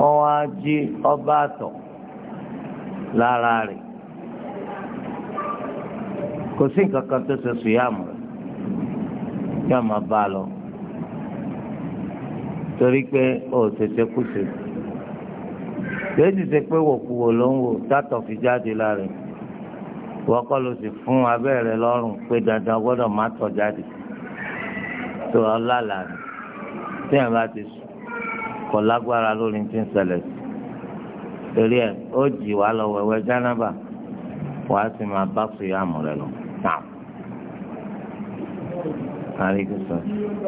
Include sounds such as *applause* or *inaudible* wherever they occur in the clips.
wọ́n wá jí ọba àtọ̀ lára rẹ̀ kò sí nǹkan kan tó ṣe sùyàmù rẹ̀ yóò máa bá a lọ torí pé ó tètè kú sí yóò ti ṣe pé wòkúwò ló ń wò tátọ̀ fi jáde lára rẹ̀ wọ́n kọ́ ló sì fún abẹ́rẹ́ lọ́rùn pé dandan gbọ́dọ̀ má tọ̀ jáde tó ọlá làánù tí ẹ̀ bá ti sùn. kò lágbára lórí ti ń ṣẹlẹ̀ sí torí ẹ̀ ó jì wá lọ wẹ̀wẹ̀ jánábà wàá sì máa bá sùyàmù rẹ̀ lọ.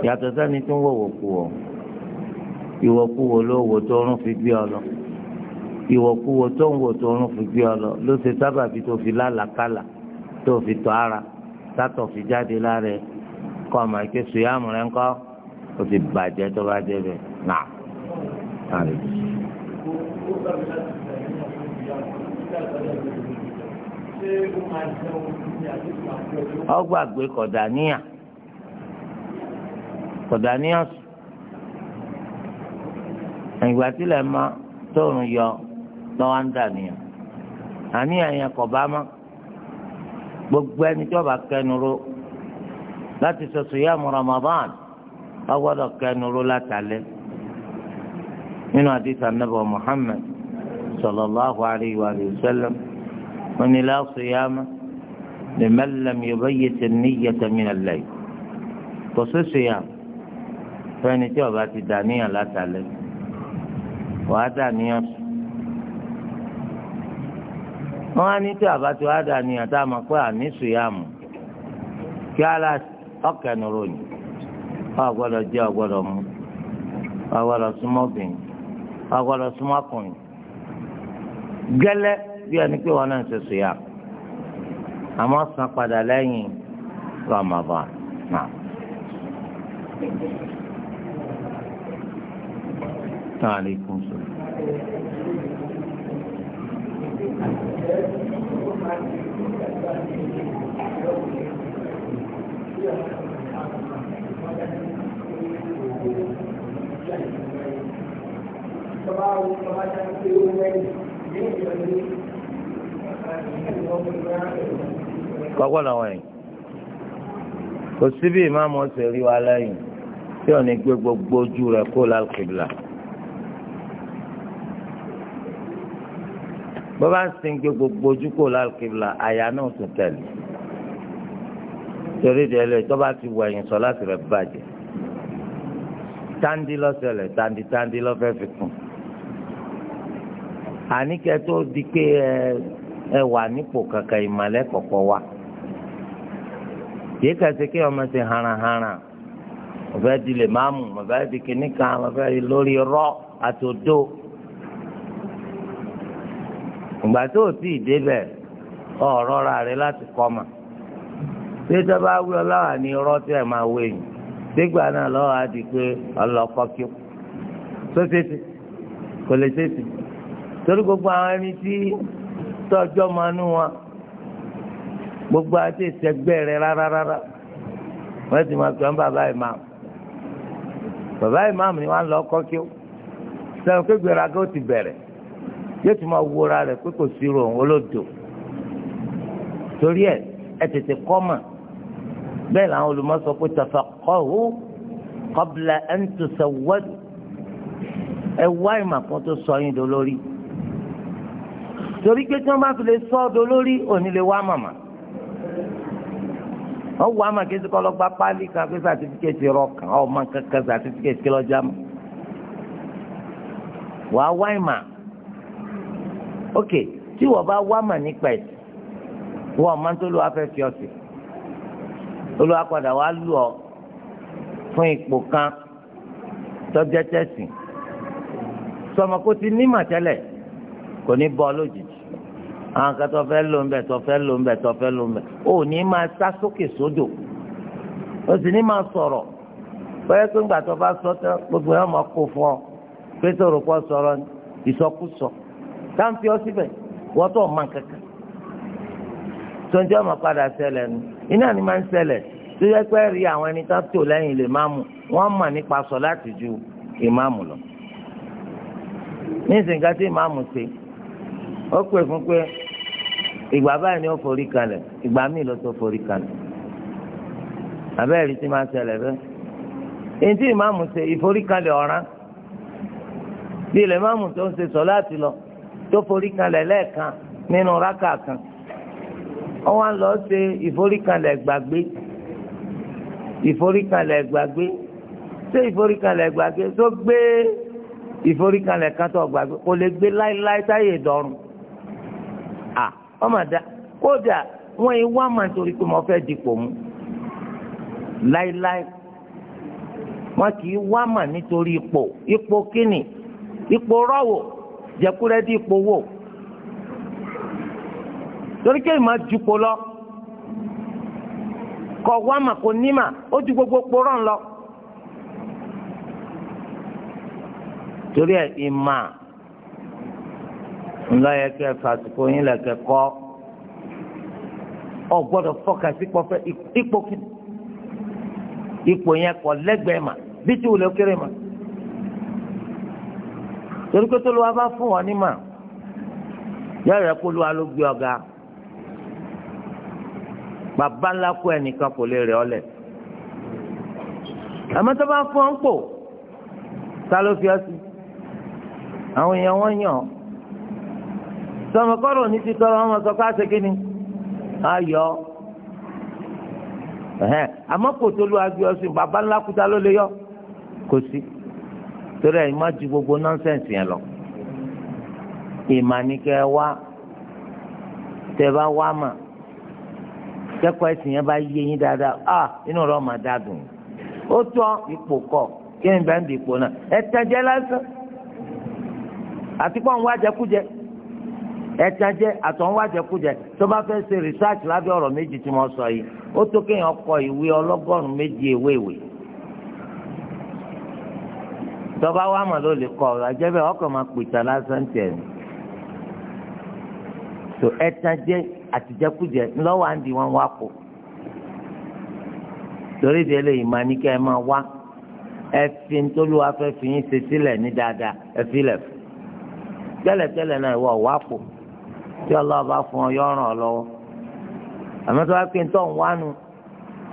yàtọ̀ sẹ́ni tí ń wòwò kú ọ ìwọ̀kúwò ló wò tó ń fi gbé ọ lọ tó ń wò fi gbé ọ lọ ló ṣe tó fi lálàkàlà tó fi tọ́ ara sátọ̀ fi jáde lára kọ́ ike sùyàmù rẹ̀ ńkọ́ o ti bàjẹ́ tó bá amin ọgbàgbé kọ̀dàníyà kọ̀dàníyà ìgbà tílẹ̀ tóun yọ yẹn kọ̀ gbogbo ẹni tí wọ́n bá kẹnu ró láti mu Ramadan nínú àdìsá nàbà Muhammad sallallahu alayhi wa sallam wọn ni la siyama liman lam yubayyit an-niyyata min al-layl kò sí siyam fẹ́ni tí ọba ti dà níyàn látàlẹ́ wàá dà níyàn sùn wọn á ní tí ọba ti wàá dà níyàn tá a máa pẹ́ àní siyamu kí ala ọkẹ́ nìròyìn ọ̀ gbọ́dọ̀ jẹ́ ọ̀ gbọ́dọ̀ mu ọ̀ gbọ́dọ̀ súnmọ́ bìnrin ọgbọ́dọ̀ súnmọ́ ọkùnrin gẹ́lẹ́ bí ẹni pé wọn náà ń ṣoṣo yá àmọ́ san padà lẹ́yìn Ramadan náà. Thank you. bàbá àwọn bàbá ṣe àti ìwé mẹ́rin ní ìjọba ní kọ́kọ́ làwọn yìí kò síbi ìmáàmù ọ̀sẹ̀ rí wa lẹ́yìn tí ò ní gbé gbogbo ojú rẹ̀ kó lálùkìbìlà. bó bá sì ń gbé gbogbo ojú kó lálùkìbìlà àyà náà tún tẹ̀lé torí ìdí ẹlẹ́yìn tó bá ti wọ ẹ̀yìn sọ láti rẹ̀ bàjẹ́ tándí lọ́sẹ̀lẹ̀ tándí tándí lọ́fẹ́ fi kún. àníkẹ́ tó di pé ẹ wà nípò kankan ìmọ̀lẹ́ wa kìí kẹsẹ̀ kí ọmọ ti haranharan ọ̀fẹ́ di lè máa mú ọ̀fẹ́ di kìíní kan ọ̀fẹ́ di lórí rọ́ àti odó ìgbà tó o tí ì lati ọ̀rọ̀ ra rẹ láti kọ́ mà ṣé tó bá wí ọlọ́wà ní irọ́ tí ẹ̀ máa wé yìí sígbà náà lọ́wọ́ á di pé ọlọ́kọ́ kí ó ṣe kò lè ṣe ṣe. torí gbogbo àwọn ẹni tí tọ́jọ́ máa nú wọn gbogbo àti ìsẹ̀gbẹ́ rẹ̀ rárá rárá wọ́n ti máa pè bàbá ìmáàmù bàbá ìmáàmù ni wọ́n lọ kọ́ kí ó sẹ́wọ̀n pé gbéraga ó ti bẹ̀rẹ̀ yóò ti máa wúra rẹ̀ pé kò sí ròhùn olódò torí ẹ̀ ẹ tètè kọ́ mà bẹ́ẹ̀ làwọn olùmọ̀sọ pé tafaqahu qabla an tusawwadu ẹ wá ìmọ̀ kan tó sọ yín dolórí torí pé tí wọ́n bá fi lè sọ ọdọ lórí òní lè wá màmá wọ́n wá màmá kí sikọ́ lọ́gbà pálí kan pé sàtífíkẹ́tì rọkàn ọmọ kankan sàtífíkẹ́tì lọ́jà mọ́ wàá wá ìmà ok tí wọ́n bá wá mà nípa ẹ̀ wọ́n máa ń tó lóa fẹ́ fi ọ̀sẹ̀ olóa padà lù ọ́ fún ipò kan tọ́jẹ́ tẹ̀sìn sọmọ ti ní màtẹ́lẹ̀ kò ní bọ́ lójijì àwọn kan tó fẹ́ lò ń bẹ̀ tó fẹ́ lò ń bẹ̀ tó fẹ́ lò ń bẹ̀ ò ní máa sá sókè sódò o sì ní máa sọ̀rọ̀ bóyá pé ńgbà tó bá sọ gbogbo yẹn máa kó fún ọ pé tó rò pọ̀ sọ̀rọ̀ ìsọkúsọ táǹfì ọ síbẹ̀ wọ́n tó máa kankan tó ń jẹ́ ọmọ padà ṣẹlẹ̀ nu iná ni máa ń ṣẹlẹ̀ tó yẹ pé rí àwọn ẹni tó tò lẹ́yìn lè máàmù wọ́n mọ̀ nípa sọ láti ju ìmáàmù lọ ní tí ìmáàmù ṣe ó pè fún pé ìgbà báyìí ni ó forí kalẹ̀ ìgbà míì ló tó forí kalẹ̀ abẹ́rẹ́ ti máa ṣẹlẹ̀ bẹ́ẹ̀ èyí tí ìmáàmù ṣe ìforíkalẹ̀ ọ̀ràn bí ilẹ̀ ìmáàmù tó ń ṣe sọ láti lọ tó foríkalẹ̀ lẹ́ẹ̀kan nínú rákà kan wọ́n wá ń lọ ṣe ìforíkalẹ̀ gbàgbé ìforíkalẹ̀ gbàgbé ṣé ìforíkalẹ̀ gbàgbé tó gbé ìforíkalẹ̀ kan tó gbàgbé kò lè gbé láéláé táyé dọ̀rùn ọmọ àdá kódà wọ́n yìí wá máa torí pé mo fẹ́ dipò mú láíláí wọn kì í wá mà nítorí ipò ipò kíni ipò rọ́wò jẹkúrẹ́ dí ipò wò torí ké ìmọ̀ jupò lọ kọ̀ wá mà kò ní mà ó ju gbogbo kporọ̀ lọ torí ẹ̀ ìmọ̀ ńlọ yẹ kẹ fàsìkò yín lẹ kẹ kọ ọ gbọ́dọ̀ fọkàsí pọfẹ ipò kí ipò yẹn kọ lẹ́gbẹ̀ẹ́ mà bí tí wùlé kéré mà torí pé tó ló wá bá fún wọn ní mà yọrọ yẹ kó ló wá ló gbé ọ̀gá bàbá ńlá kó ẹnìkan kò lè rẹ ọ lẹ àmọ́ tó bá fún ọ ń pò ta ló fi ọ sí àwọn èèyàn wọn yàn ọ. sọmọkọrọ ní tọrọ ọmọ sọ pé ni ayọ̀ kò tó lu agbe ọsùn bàbá ńlá kúta yọ kò sí torí ẹ̀ má ju gbogbo nọ́ńsẹ̀nsì yẹn lọ ìmànìkẹ́ wá tẹ bá wá mà kẹ́kọ̀ọ́ ẹ̀sìn yẹn bá yé yín dáadáa ah inú rẹ̀ ọ̀ma dádùn ó tọ́ ipò kí bẹ́ẹ̀ ń ipò náà ẹ̀ tẹ́jẹ́ lásán ẹja jẹ àtọ̀húnwájẹkújẹ tó bá fẹ́ ṣe research lábẹ́ ọrọ méjì tí mo sọ yìí ó tó kéèyàn kọ ìwé ọlọ́gọ́rùn méjì ewéèwé tọ́ba wa mọ̀ ló lè kọ ọ̀rọ̀ àjẹbẹ́ ọkọ̀ máa pèsè lásán tó ẹja jẹ àǹdí wọn wá kó torí eléyìí máa ní ẹ máa wá yín ṣe sílẹ̀ ní dáadáa lẹ̀ fún náà ìwọ tí ọlọ́wọ́ bá fún ọ yọ ràn ọ lọ́wọ́ àmọ́ tó bá pé tó ń wánu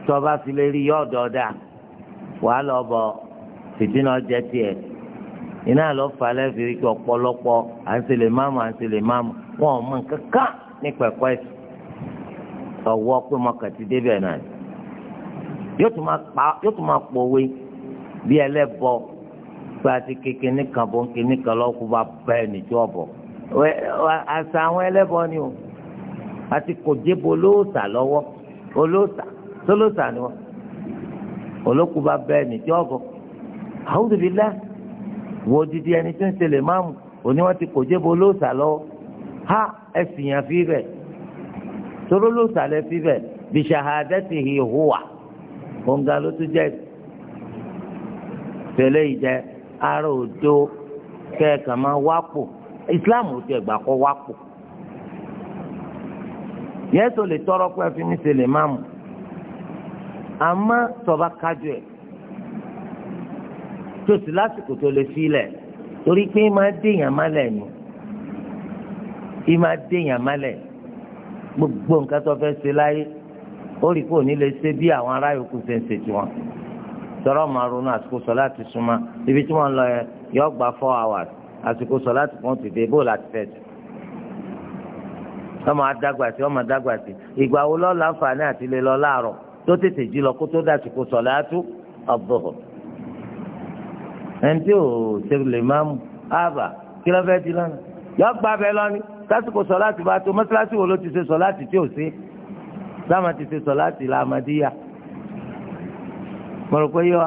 tó bá fi lè rí yọ dọ́dà wàá lọ bọ fìtínà jẹ tiẹ̀ iná lọ fà lẹ́fì rí ọ̀pọ̀lọpọ̀ à ń ṣẹlẹ̀ máàmù à ń ṣẹlẹ̀ máàmù wọn ò mọ nǹkan kan nípa ẹ̀kọ́ ẹ̀sìn pé mo kàn ti débẹ̀ náà yóò tún máa pòwe bí ẹlẹ́bọ pé àti kékeré nìkan bó ń kékeré lọ́kùnrin bá bẹ́ẹ̀ nìjọ́ bọ̀ àṣà àwọn ẹlẹ́bọn ni o àti kò jébo olóòṣà lọ́wọ́ olóòṣà tólóòṣà ni wọ́n olókùn bá bẹ́ẹ̀ nìjọ́ ọ̀gọ́ àwùjọbílá wo didi ẹni tí ń ṣe lè máàmù òní wọ́n ti kò jébo olóòṣà lọ́wọ́ ha ẹ̀sìn yẹn fi bẹ̀ tólóòṣà lẹ fi bẹ̀ bìṣàhàdẹ́tìhì hùwà òǹgà ló tún jẹ́ tẹ̀lé ìjẹ́ ara òdo kẹ́ẹ̀kan máa wá pò islam ò tiẹ̀ gbà kọ́ wá pò yẹ́sọ̀ lè tọrọ pé ẹ fi mí ṣe lè má mu àmọ́ tọba kájọ ẹ̀ tó sì lásìkò tó lè filẹ̀ torí pé máa déèyàn málẹ̀ ni ìmáa déèyàn málẹ̀ gbogbo nǹkan tó fẹ́ ṣe láyé ó rí kó ní lè ṣe bí àwọn ará yòókù ṣe ń ṣe tiwọn tọrọ máa ronú àsìkò sọ láti súnmọ́ ibi tí wọ́n lọ yọ gba four hours àsìkò sọ láti pọ́n ti dé bó láti fẹ́ jù ọmọ adágbà sí ọmọ adágbà sí ìgbà wo lọ́ọ́ láǹfààní àti lè lọ láàárọ̀ tó tètè jí lọ kó tó dàsìkò sọ̀láàtú ọ̀bọ̀họ̀. ẹni tí ò ṣe lè máa mú àbà kí ló fẹ́ di lọ́nà yọ gba abẹ lọ́ni dàsìkò sọ̀láàtì bá tó mọ́sálásí wo ló ti ṣe sọ̀láàtì tí ò sí láwọn ti ṣe sọ̀láàtì làmàdíyà. mo rò pé yọ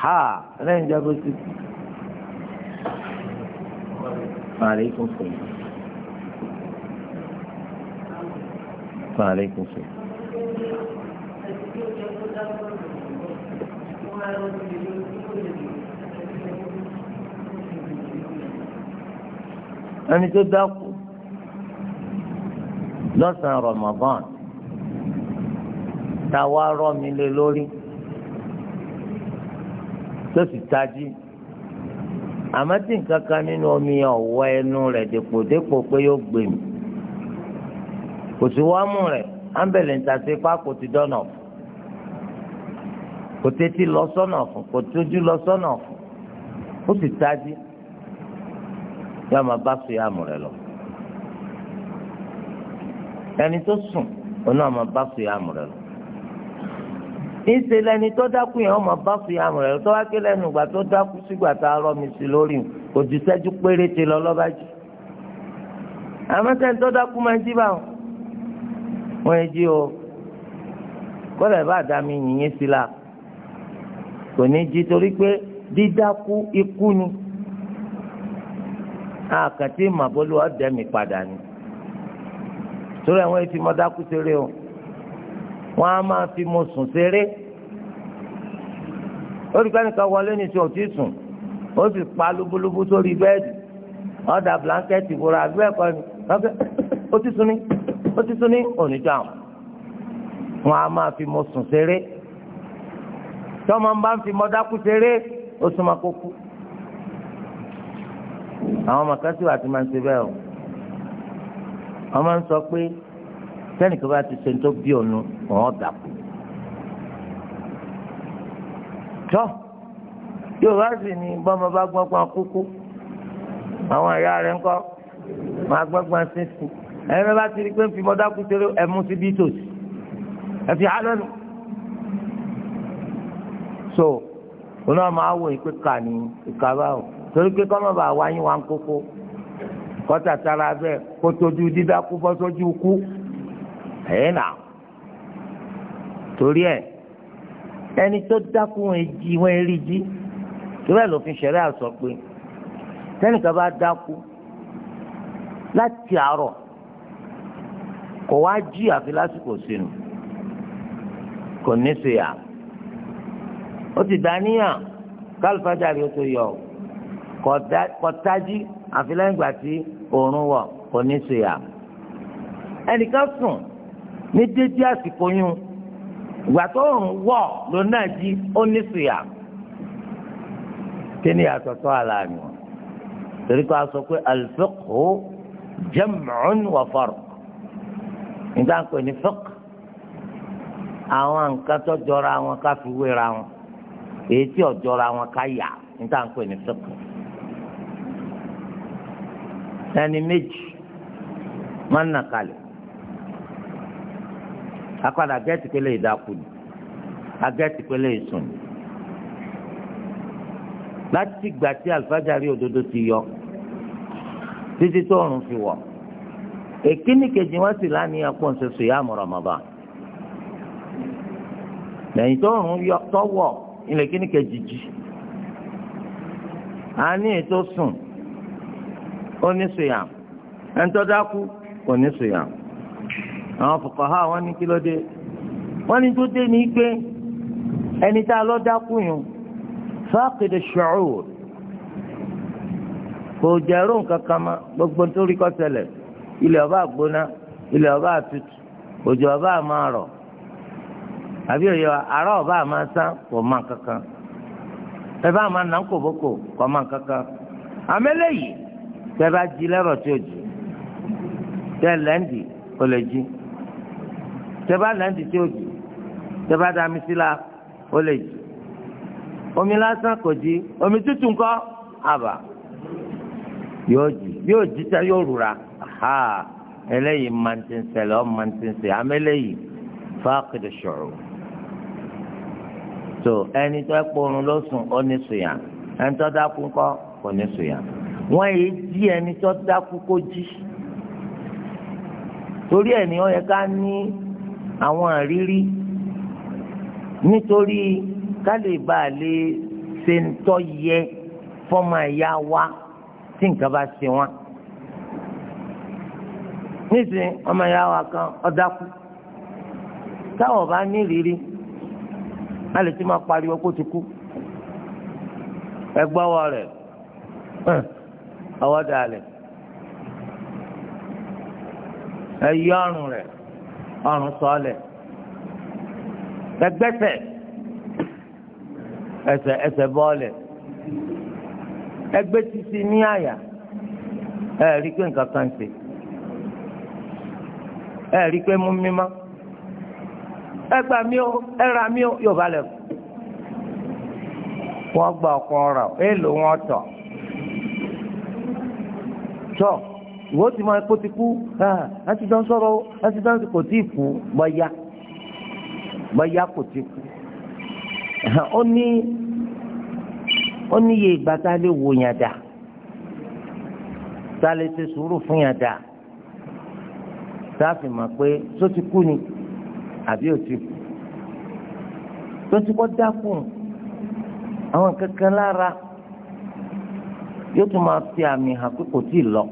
ha lẹ́yìn ìjọba ó ti وعليكم السلام وعليكم السلام ẹni tó dákú lọ́sàn-án Ramadan táwa rọ́ mi lé lórí tó sì tají àmọ́ tí nǹkan kan nínú omi ọ̀wọ́ ẹnu rẹ̀ dèpò dépò pé yóò gbè mí kò sí wámú rẹ̀ ámbẹ̀lẹ̀ ń tàṣe pákó ti dọ́nà fún kò tẹ́tí lọ sọ́nà fún kò tójú lọ sọ́nà fún ó sì tají yóò máa bá sùn yàmù rẹ̀ lọ ẹni tó sùn òun náà máa bá sùn yàmù rẹ̀ lọ ìṣe lẹni tó dákú yẹn ọmọ bá fi àmọ̀ rẹ̀ tó wá ké lẹ́nu ìgbà tó dákú sígbà tá a rọ́ mi sí lórí òjì sẹ́jú péréte lọ lọ́ba jù àmọ́ sẹ́ni tó dákú máa ń jí báwọn wọ́n yẹn jí o kọ́lẹ̀ bá dá mi yìnyín sí la kò ní jí torí pé dídákú ikú ni àkàtì màbólú ọ̀dẹ́mi padà ni torí àwọn ètí ṣeré o wọ́n á máa fi mo sùn ṣeré olùkọ́nìkan wọlé ní tí o ti sùn ó sì pa lúbúlúbú sórí bẹ́ẹ̀dì ọ̀dà blanketi ìbora àbí ẹ̀kọ́ ni ó ti sùn ní ó ti sùn ní oníjà wọn a máa fi mo sùn ṣeré tí ọmọ bá ń fi mo dákú ṣeré ó súnmọ́ kó kú àwọn màkàtí wà ti máa ń bẹ́ẹ̀ o wọ́n máa ń sọ pé sẹ́nìkan bá ti ṣe tó bí ònu ọ̀hún dàpọ̀. tọ́ yorùbá sì ni bọ́mọ bá gbọ́ngbọ́n kúkú àwọn ẹ̀yà rẹ̀ ńkọ́ máa gbọ́ngbọ́n sísìn ẹ̀rọ bá ti rí pé ń fi mọ́dá kú tẹ́lẹ̀ ẹ̀mú sí bí tòsí ẹ̀ fi há lónìí. so oní ọmọ awọ ìpè kà ní ìkà báwò torí pé kọ́mọ bá wáyé wá ń kókó kọ́tà tara bẹ́ẹ̀ kó tójú dídákú bọ́ sójú kú. So, ẹ̀yìn náà torí ẹ̀ ẹni tó dákú wọn jí wọn rí jí torí ẹ̀ lófin ṣẹ̀rẹ́ àsọ pé tẹ́nìkan bá dákú láti àárọ̀ kò wá jí àfi lásìkò sínú kò ní ṣe yà ó ti dàníyàn kálífàjárì ó tó yọ kò tají àfi lẹ́yìn ìgbà tí oòrùn wọ̀ kò ní ṣe yà ẹnìkan sùn ní dédé àsìkò yún ìgbà tó ń wọ̀ ló náà jí ó ní sùyà kí ni àtọ̀tọ̀ àlàyé wọn torí pé a sọ pé al-fiqhu jam'un wa farq nígbà pé ní fiqh àwọn nǹkan tó jọra wọn ká fi wéra wọn èyí tí ò jọra wọn ká yà nígbà pé ní fiqh ẹni méjì wọn nà kalẹ̀ akpadà gẹ́tì pélé ìdákù ni agẹ́tì pélé ìsùn ni láti gbà tí alifájàrí òdodo ti yọ títí tó òrùn fi wọ̀ èkíní kejì wọn sì lánìyàn pọ̀ nṣoṣo yá mọ̀ Ramadan lẹ́yìn tó òrùn yọ tọ́wọ̀ ilẹ̀ kíní kejì jì a ní ètò sùn ó ní sùyàm ẹ̀ńtọ́dákú kò ní sùyàm. àwọn fuqaha wọ́n ní kí ló dé wọ́n ní tó dé ní pé ẹni tá a lọ dákún yìí kò ma gbogbo nítorí kọ́ ọba àgbóná ilẹ̀ ọba àtútù òjò ọba àmọ́ rọ̀ àbí òye ọba àmọ́ sán kò mọ̀ kankan ẹ bá nà kòbókò kò mọ̀ kankan àmẹ́lẹ́yìí tẹ́ bá jí lẹ́rọ̀ tẹ́ kò tẹ́bá náà ti tí ó jì tẹ́bá da mi sí la ó lè jì omi lásán kò jí omi tútù ńkọ́ àbà yóò jì yóò jí tẹ yóò rura ha eléyìí máa ń ti ń ṣẹlẹ̀ ọ́ máa ń ti ń ṣe àmì eléyìí fáàkìdì ṣòro tó ẹni tó ẹ kpọrun ló sùn ó ní sùyà ẹni tó dákú ńkọ́ kò ní sùyà wọ́n yìí jí ẹni tó dákú kó jí torí ẹni ó yẹ ká ní àwọn àrírí nítorí ká lè bá a lè ṣe ń tọ́ yẹ fọ́mọ ẹ̀yà wa tí nǹkan bá ṣe wọn. nísìnyí ọmọ ẹ̀yà wa kan ọ̀dákú táwọn bá ní ìrírí a lè ti máa pariwo kó ti kú ẹgbọ́wọ́ rẹ̀ ọwọ́ dalẹ̀ ẹ̀yọ́ ọrùn rẹ̀ ọrùn sọọlẹ̀ ẹgbẹ́sẹ̀ ẹsẹ̀ ẹsẹ̀ bọ́ọ̀lẹ̀ ẹgbẹ́ títí ní àyà ẹ rí pé nǹkan kan ṣe ẹ rí pé mú mímá ẹ gbà mí o ẹ ra mí o yóò bá lẹ̀ gba ọkọ ọ̀rọ̀ èèlò wọn tọ̀ tọ̀. ìwọ́n ti máa kó ti kú láti dán sọ̀rọ̀ láti dán kò tí ì kú kò tí ì kú. ó ní ó ní iye ìgbà tá a lè wò yàn dà tá a lè ṣe sùúrù fún yàn dà tá a fi mọ̀ pé ti ni àbí ò ti kú tó ti kọ́ àwọn kankan lára yóò lọ.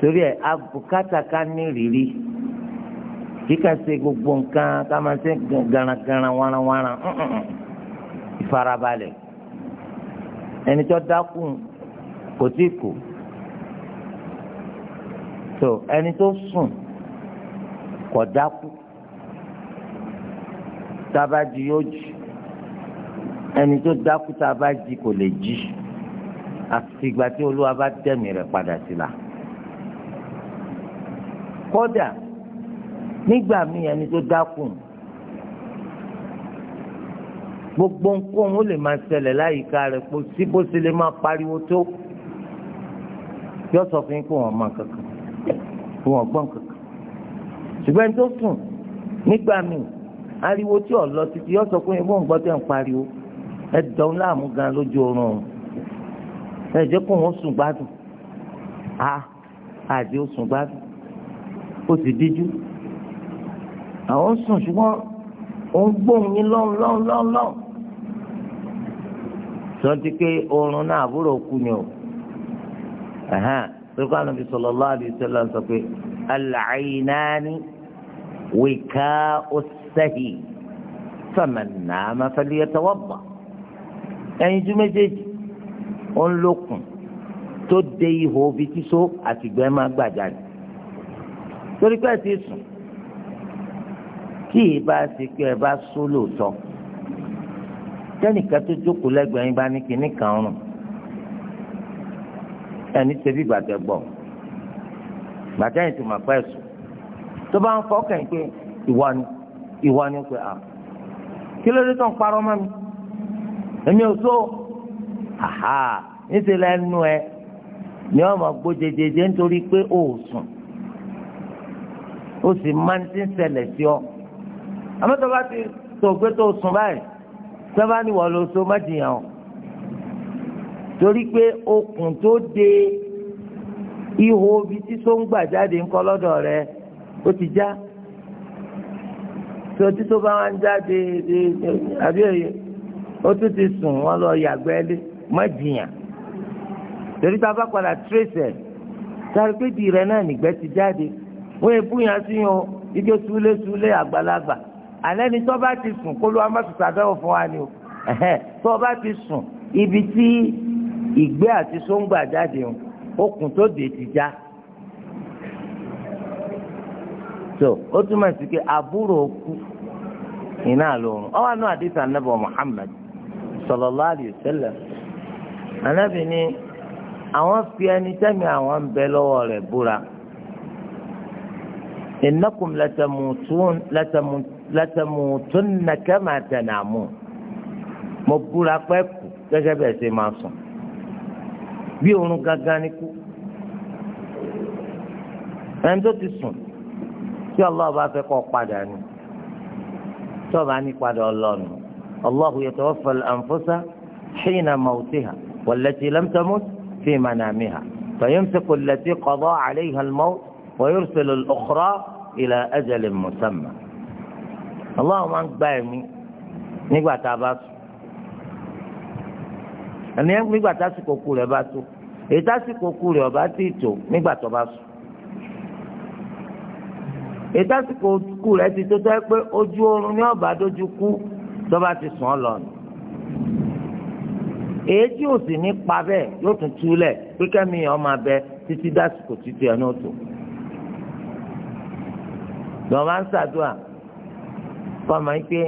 torí ẹ abùkátà ká ní rírí kíkà ṣe gbogbo nǹkan ká máa ṣe garagaran waranwaran ìfarabalẹ̀ ẹni tó dákú kò tí kù tó ẹni tó sùn kò dákú tábàjì yóò jù ẹni tó dákú tábàjì kò lè jí àfìgbà tí olúwa bá tẹ̀mí rẹ̀ padà sí la kódà nígbà míì ẹni tó dákun gbogbo nǹkan ó lè máa ṣẹlẹ̀ láyìíká rẹ̀ kó sí bó ṣe lè máa pariwo tó yọ sọ fún yín kó wọn máa kankan kó wọn gbọ́n kankan ṣùgbọ́n ẹni tó sùn nígbà míì ariwo tí ò lọ títí yọ sọ fún yín bó ń gbọ́ tẹ̀ ń pariwo ẹ dọ̀hún láàmú gan lójú oorun ọ̀hún ẹ jẹ́ kó wọn sùn gbádùn a ah, àdé ó sùn gbádùn ó sì díjú àwọn sùn ṣùgbọ́n ó ń gbóhùn yín lọ́n lọ́n lọ́n lọ́n sọ́ńtí pé oorun náà àbúrò kú ni o pẹ̀lú àwọn ibi sọ̀rọ̀ lọ́wọ́ àdìyẹ sọ́lá sọ pé alàyínáni wíkà ọ̀sẹ̀hì fàmànà àmàfẹ́lẹ́yẹtọ̀wọ́bà ẹ̀yinjú méjèèjì ó ń lókun tó de ihò bíi tíso àtìgbẹ́ máa gbàjáde torí pé ẹ ti sùn kí ì bá ṣe pé ẹ bá só lóòótọ́ tẹnìkan tó jókòó lẹ́gbẹ̀ẹ́ yín bá ní kinní kan rùn ẹni ṣebí gbàtẹ gbọ́ gbàtẹ yìí tó máa pẹ sùn tó bá ń fọkàn yín pé ìwà ni ìwà ni pé à kí ló dé tó ń parọ́ mọ́ mi èmi ò tó àhà níṣẹ́ lẹ́nu ẹ ni wọ́n máa gbó jẹjẹjẹ nítorí pé ó sùn. o sì máa ti ń ti tó gbé tó sùn báyìí sábà ní wọ́n lọ so má o. torí pé okùn tó de ihò ibi tí sóńgbà jáde ń kọ́ lọ́dọ̀ rẹ ó ti já. tó títí tó bá wá ń jáde àbí ó tún ti sùn wọ́n lọ yàgbẹ́ lé má torí tá a bá padà tírèsẹ̀ sáré pé di rẹ náà ti jáde. wọ́n ebú yẹn sí yẹn o ike súlé súlé àgbàlagbà alẹ́ ni tó bá ti sùn kó ló wá fún wa ni o tó bá ti sùn ibi tí ìgbé àti sóńgbà jáde o okùn tó dé ti já so ó túmọ̀ sí pé àbúrò kú iná lòrùn ọ wà nù àdìsá nàbọ Muhammad sallallahu alayhi wa sallam anábì ni àwọn fi ẹni tẹ́mi àwọn ń bẹ lọ́wọ́ rẹ̀ búra. إنكم لتموتون لتموتن كما تنامون مبقول أقبكم كجب أسماسون بيونو كغانيكو أنتو تسون يا الله بافق وقعداني طبعا نقعد الله نمو. الله يتوفى الأنفس حين موتها والتي لم تمت في منامها فيمسك التي قضى عليها الموت ويرسل الأخرى إلى أجل مسمى اللهم أنك بايمي نقبع تاباسو أن ينك نقبع تاسكو كولي باسو èyí tásìkò kú rẹ̀ ọba ti tò nígbà tó bá sùn èyí tásìkò kú rẹ̀ ti tó tọ́ pé ojú oorun ní ọba dojú kú tó bá ti sùn ọ́ lọ nù èyí tí ò sì ní pa bẹ́ẹ̀ yóò tún túlẹ̀ pé kẹ́mi ọmọ abẹ títí dásìkò títí ẹ̀ náà tó lọ́wọ́ máa ń ṣàdúrà fọmọ yìí pé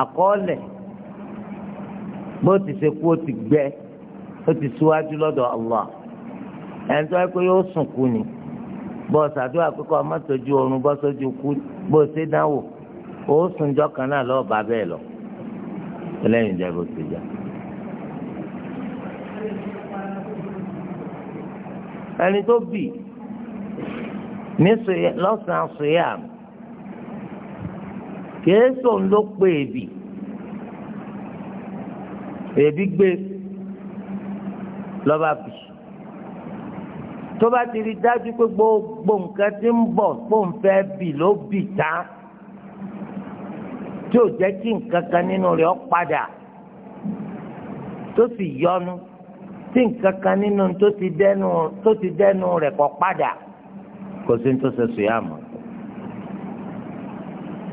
àkọọ́lẹ̀ bó ti ṣe kú ó ti gbẹ ó ti síwájú lọ́dọ̀ Allah ẹni tó yẹ pé yóò sùn kú ni bó o ṣàdúrà pé kó o má oorun bó sójú kú bó o ṣe dánwò ó sùn jọ kan náà lọ́ọ́ bá bẹ́ẹ̀ lọ ẹlẹ́yìn ìjà bó ti jà. ẹni tó bì í ní lọ́sàn-án sùyàm kèésò ló pé èbì èbí gbé lọ́ba bì tó bá ti rí dájú pé gbogbo nǹkan tí ń bọ̀ tó ń fẹ́ bì ló bì tán tí ò jẹ́ kí nǹkan kan nínú rẹ̀ ó padà tó sì yọnu tí nǹkan kan nínú tó ti dẹnu rẹ̀ kó padà kò sí tó ṣe sùn yá mọ́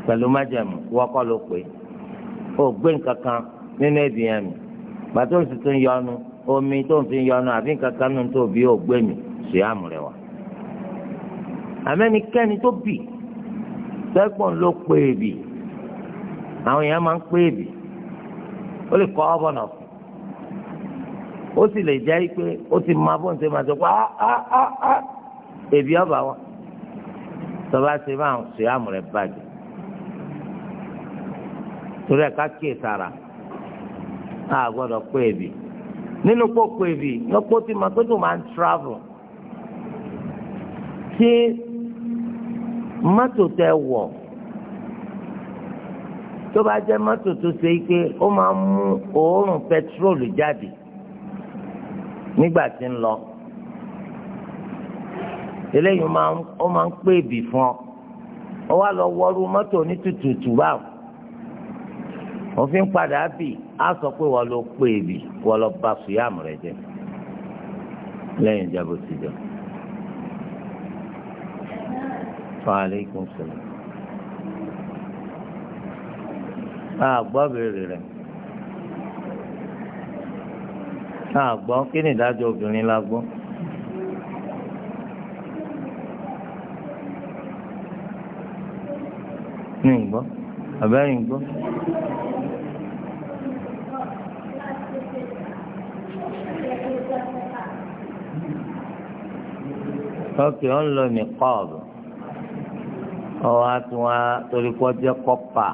pẹ̀lú májẹ̀mú wọ́kọ́ ló pé ó gbé nǹkan kan nínú ẹ̀bì yẹn mi bàtó ń sì tún yọnu omi tó ń fi yọnu àbí nǹkan kan nínú tó bí ó gbé mi sùn yá mọ́ rẹ wá. àmẹ́nikẹ́ni tó bì sẹ́gbọ̀n ló pé èbì àwọn èèyàn máa ń pé èbì ó lè kọ́ ọ́bọ̀nà fún ó sì lè jẹ́ pé ó ti máa bó máa sọ pé á á á á ebi ọba wa tọba ṣe máa ń ṣe àmúrẹ bàjẹ́ torí ẹ ká kíyè sára a gbọ́dọ̀ kó ebi nínú kó kó ebi lọpọ tí ma pé tó máa ń travel ṣé mọ́tò tẹ wọ̀ tó bá jẹ́ mọ́tò tó ṣe pé ó máa ń mú òórùn pẹtrólù jáde nígbà tí ń lọ eléyìí ó máa ń pè bì fún ọ ó wá lọ wọrú mọ́tò ní tùtùtù báwò òfin padà bì á sọ pé wọ́n ló pè bì wọ́n lọ ba sùyàmù rẹ jẹ lẹ́yìn ìjábọ̀ sí jọ. Fàálẹ́kùn sọ̀rọ̀. A gbọ́ béèrè rẹ̀. A gbọ́ kí ni ìdájọ́ obìnrin la gbọ́. ní ìgbọ́ àbẹ́yìn gbọ́. ok ó ń lọ ní kọ́ọ̀bù ọwọ́ àtúnwá torí kọ́ jẹ́ kọ́pà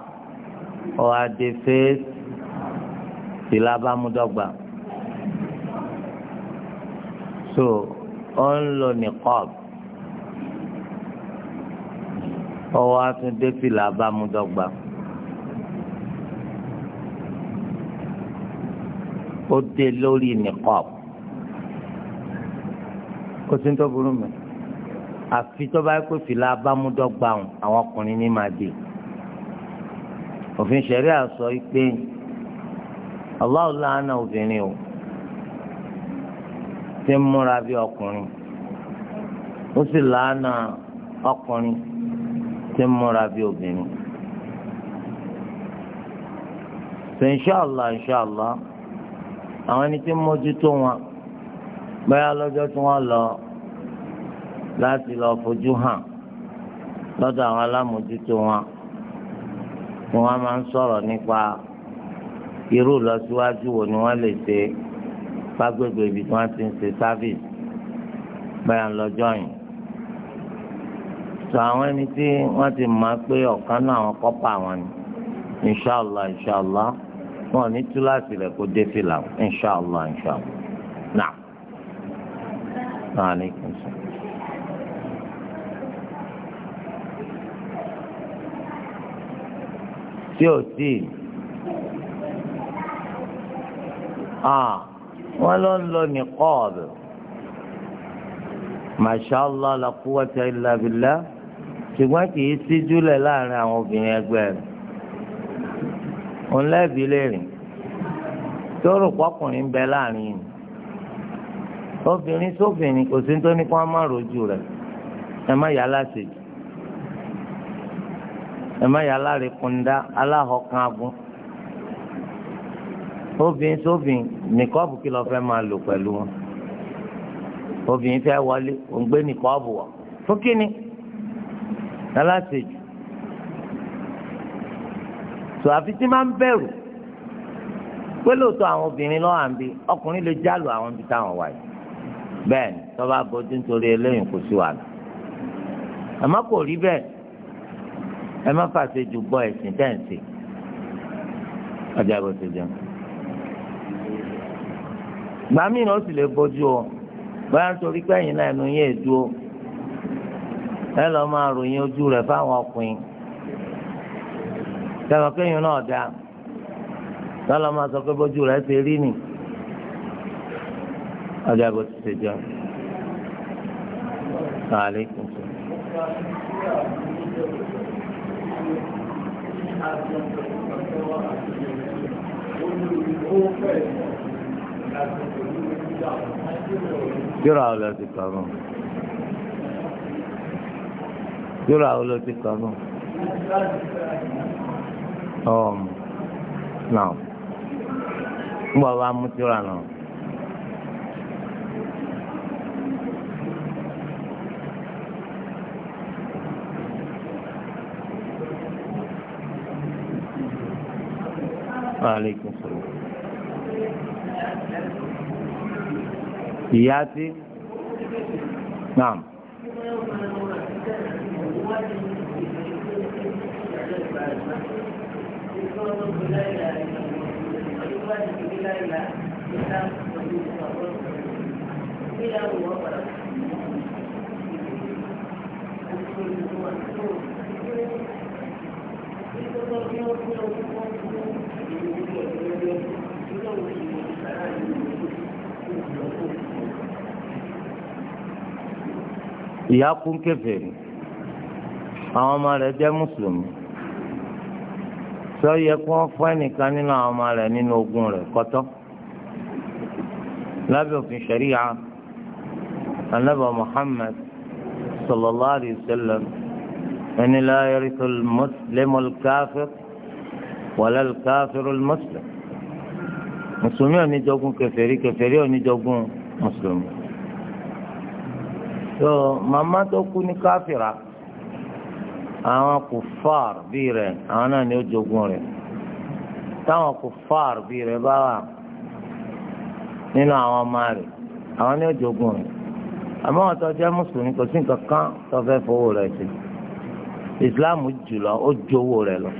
ọwọ́ adé fèsì tìlá bá mú dọ́gba so ó lọ ní kọ́ọ̀bù. ọwọ́ atúndé fìlà abámúdọ́gba. ó dé lórí nìkọ́ọ̀bù kò sí ní tó burú mi àfi tó bá pé fìlà abámúdọ́gba àwọn ọkùnrin ní máa dé òfin ṣẹ̀rí àsọ pé Allah láàánà obìnrin o ti ń múra bí ọkùnrin ó sì láàánà ọkùnrin tí ń múra bí obìnrin. sọ inṣàlá inṣàlá àwọn ẹni tí ń mójútó wọn báyà lọ́jọ́ tí wọ́n lọ láti lọ fojú hàn lọ́dọ̀ àwọn alámòjútó wọn ni wọ́n máa ń sọ̀rọ̀ nípa irú ìlọsíwájú wo ni wọ́n lè ṣe fágbègbè ibi tí wọ́n ti ń ṣe sáfìsì báyà lọ́jọ́ yìí sọ àwọn ẹni tí wọ́n ti mọ̀ pé ọ̀kan náà àwọn kọ́pà wọn ni inṣàlá inṣàlá wọn ní túláàsì rẹ̀ kó dé fìlà inṣàlá inṣàlá náà. Alaikum salaam. tí ò tí wọ́n ló ń lo niqab masha Allah la quwwata illa billah. ṣùgbọ́n kì í Jule laarin láàrin àwọn obìnrin ẹgbẹ́ rẹ̀ òun lẹ́bi lẹ́rìn tó rò pọ́kùnrin ń bẹ láàrin yìí obìnrin sóbìnrin kò sí tó ní kó má rojú rẹ̀ ẹ má yà láṣejù ẹ má yà lárìkúndá aláhọ̀kan agun obìnrin sóbìnrin nìkọ́ọ̀bù fẹ́ máa aláṣejù tó àfi tí máa ń bẹ̀rù pé lóòótọ́ àwọn obìnrin lọ́wọ́ à ń bi ọkùnrin lè jálù àwọn ibi táwọn wà yìí bẹ́ẹ̀ ni tọ́ba bójú nítorí eléyìí kò sí wàhálà àmọ́ kò rí bẹ́ẹ̀ ẹ má fàṣẹ jù bọ ẹ̀sìn tẹ̀sí ọjà bó ti jẹun gbàmí ni ó sì lè bójú o bóyá nítorí pé ẹ̀yin náà ẹnu yẹn dúró. ẹ lọ máa ròyìn ojú rẹ fáwọn ọkùnrin tẹ̀wọ̀n kéèyàn náà dá lọ́lọ́ máa sọ pé bójú rẹ ṣe rí nì ọjà bó ti ṣe jọ. ti yóò ra olóòtú kan náà. ọ̀m um, náà nígbà wo bá mú tíra náà. Aleykum salaam. Ìyá tí. Naam. ìyá kún kèfèrí àwọn ọmọ rẹ̀ jẹ́ mùsùlùmí sọ yẹ kí wọ́n fún ẹnìkan nínú àwọn ọmọ rẹ̀ nínú ogún rẹ̀ kọ́tọ́ lábẹ́ òfin ṣẹ̀ríya anábà Muhammad sallallahu alayhi wa sallam ẹni la yarithul muslimul káfír walal káfírul muslim mùsùlùmí ò ní jogún kèfèrí mùsùlùmí. tó màmá tó kú ní káfíra. So, àwọn kùfàr bíi rẹ̀ àwọn náà ni ó jogún rẹ̀ táwọn kùfàr bíi rẹ̀ bá wà nínú àwọn ọmọ rẹ̀ àwọn ni ó jogún rẹ̀ àmọ́ àwọn tó jẹ́ mùsùlùmí kò sí nǹkan kan tó fẹ́ fowó rẹ̀ sí islam jùlọ ó jowó rẹ̀ lọ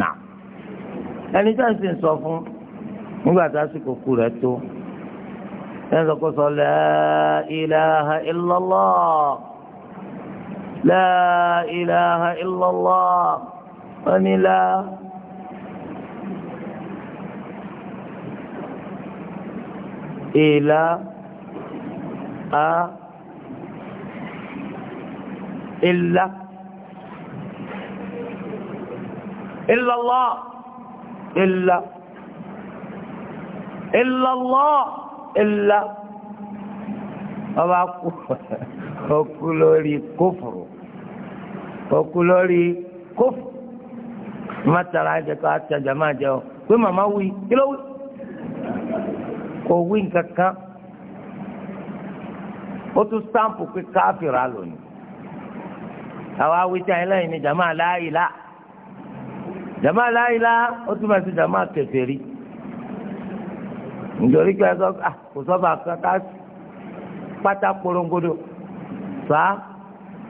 nà ẹni tá ń sì sọ fún nígbà tásìkò kú rẹ̀ tó ẹ̀ ń kó sọ la ilaha illallah la ilaha illallah wọ́n ní la. ìlà a ìlà illallah ìlà illallah ìlà ọba kú ọkú *laughs* lórí kófòrò. okulori kufu. N'o n'asịtara anyị gaa atcha jamanị ajja o, kwe mama wii, ihe wii! Owii nke ka otu stamp kwe kaafiri alụmdi. Awu awi te ayinloyi n'i dị ama adịghị ayị la. Jama adịghị ayị la, otu ma ndị dị ama apfefe eri. N'oli ke ndụ ah, kụziọ bụ akụkọ akpata kpuru ngudu faa.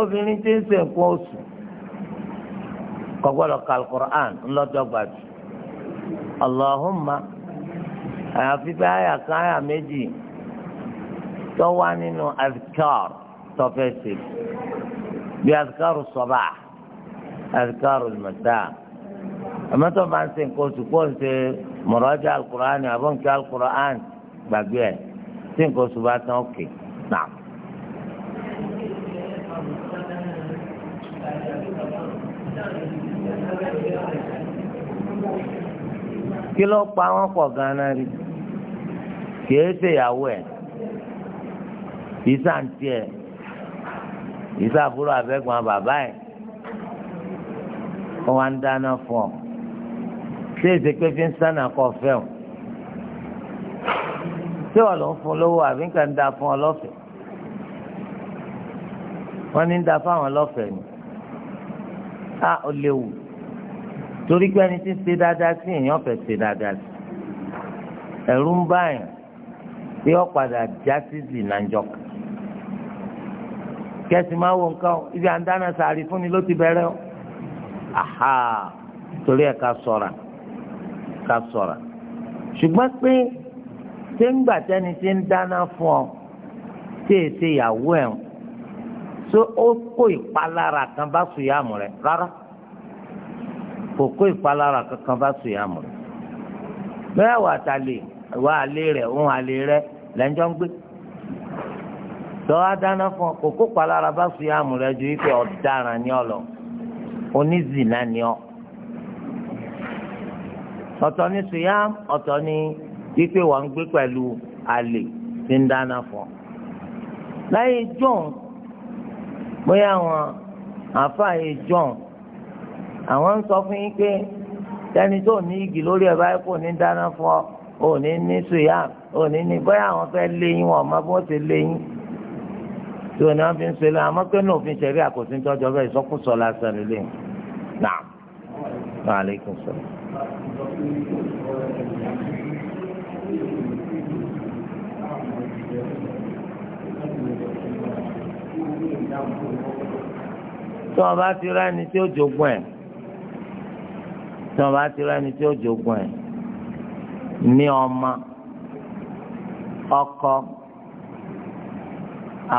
obìnrin tí ń ṣe nǹkan oṣù kò gbọ́dọ̀ ka alukur'an ńlọ́dọ̀gba jù allahumma àyàfi pé àyà kan àyà méjì tó wá nínú azkar tó fẹ́ ṣe bí azkaru sọba, azkaru masa àmọ́ tó bá ń ṣe nǹkan oṣù kó ń ṣe mọ̀rọ́jà alukur'an àbọ̀nkẹ́ alukur'an gbàgbé ẹ̀ tí nǹkan oṣù bá tán ó náà. kí ló pa wọn pọ̀ ganan rí kìí ṣe ìyàwó ẹ̀ ìsà ń tiẹ̀ ìsà àbúrò abẹ́gbọ̀n bàbá ẹ̀ wọ́n wá ń dáná fún ọ ṣé èsè pé fi ń sánà kọ fẹ́ o ṣé wọ́n ló ń fún lówó àbí nǹkan ń da fún ọ lọ́fẹ̀ẹ́ wọ́n ní ń da fáwọn lọ́fẹ̀ẹ́ ni a ò léwu torí pé ẹni tí ń ṣe dáadáa sí èèyàn fẹ́ ṣe dáadáa sí ẹ̀rú ń báyìí tí ó padà já sí sí nàìjọ kẹsì máa wo nǹkan ibi à sàárì fún ni ló ti bẹ̀rẹ̀ o aha torí ẹ̀ ká ṣọ́ra ká ṣọ́ra ṣùgbọ́n pé téńgbà tẹ́ni tí ń dáná fún ọ tí èsì ìyàwó ẹ̀ ń so ó kó ìpalára kan bá sùn yàmù rẹ̀ rárá. kò kó ìpalára kankan bá sùyàmù rẹ̀ bẹ́ẹ̀ wà tàlè wà àlè rẹ̀ òun àlè rẹ̀ lẹ́njọ́ ń gbé lọ́wọ́ dáná fún ọ kò ìpalára bá ju ife ọ̀daràn ni ọ lọ onízìnà ni ọ ọ̀tọ̀ ni sùyàmù ọ̀tọ̀ ni ife wà ń gbé pẹ̀lú àlè tí ń dáná fún ọ láyé john bóyá john. àwọn ń sọ fún yín pé tẹni tó ní igi lórí ẹ̀ báyìí kò ní dáná fún ọ ò ní ní sùyà ò ní ní bóyá àwọn fẹ́ léyìn wọn ọmọ bó ti léyìn tí ò ní wọn fi ń ṣe lọ àmọ́ pé ní òfin ṣẹ̀rí àkòtí ń tọ́jọ́ bẹ́ẹ̀ ìsọkúsọ lásán nílé náà wa aleykum salaam. tí wọn bá ti rá ẹni tí ó jogún ẹ tí wọn bá ti rẹ ẹni tí ó jogun ẹ ní ọmọ ọkọ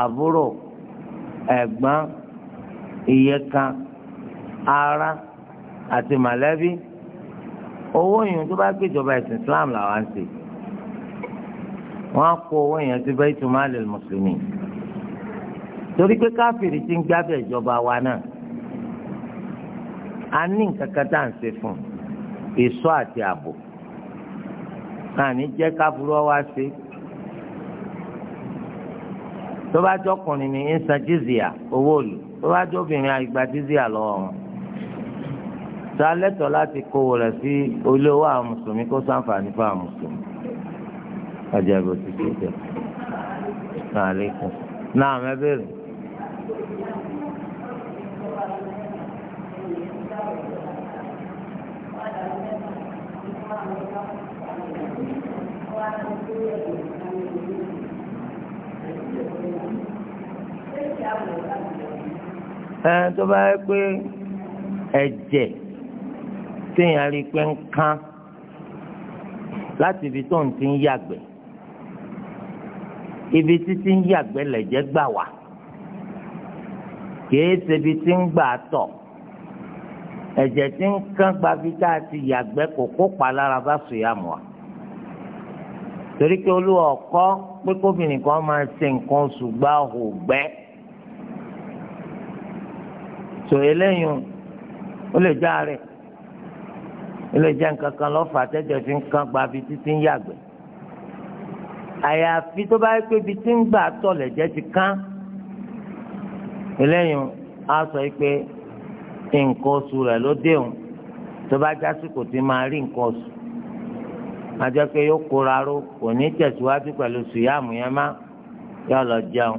àbúrò ẹ̀gbọ́n ìyèkan ará àti mọ̀lẹ́bí owó yìí tó bá gbéjọba ẹ̀sìn Islam làwọn ń ṣe wọn á kó owó yẹn sí bẹ́ẹ̀ tó máa lè mùsùlùmí torí pé káfíìrì ti ń gbábẹ́ ìjọba wa náà a ní nǹkan kan tá à ń ṣe fún un ìṣọ́ àti ààbò àní jẹ́ káfúrú ọwá sí tó bá jọkùnrin ní ń san jizya owó òlù tó bá jọbìnrin àìgbà jizya lọ́wọ́ wọn tó alẹ́tọ̀ láti kówó rẹ̀ sí olówó àwọn mùsùlùmí kó ṣàǹfààní fún àwọn mùsùlùmí ọjà ìbò ti ṣe jẹ náà lẹ́kọ̀ọ́ náà mẹ́bẹ̀rẹ̀. ẹ tó bá yẹ pé ẹ̀jẹ̀ téèyàn rí pé ń kán láti ibi tó ń ti ń yàgbẹ́ ibi títí ń yàgbẹ́ lẹ̀jẹ̀ gbà wá kìí ṣe ibi tí ń gbà tọ̀ ẹ̀jẹ̀ tí ń kán gba tá a ti yàgbẹ́ kò kópa lára bá sùn yà mọ́ a torí pé olúwa ọkọ pé kóbìnrin kan máa ṣe nǹkan oṣù gbá hò gbẹ tò eléyìí ó lè já rẹ ó lè jẹ nǹkan kan lọ́fà tẹ́jọ́ fi ń kan gba bí títí ń yàgbẹ́ àyàfi tó bá yẹ pé ibi tí ń gbà tọ̀ lẹ̀jẹ̀ ti kán eléyìí á sọ pé nǹkan oṣù rẹ̀ ló dé òun tó bá jásìkò tí máa rí nǹkan oṣù ajẹ́ pé yóò kóra ró kò ní tẹ̀síwájú pẹ̀lú sùyàmù yẹn má yóò lọ jẹun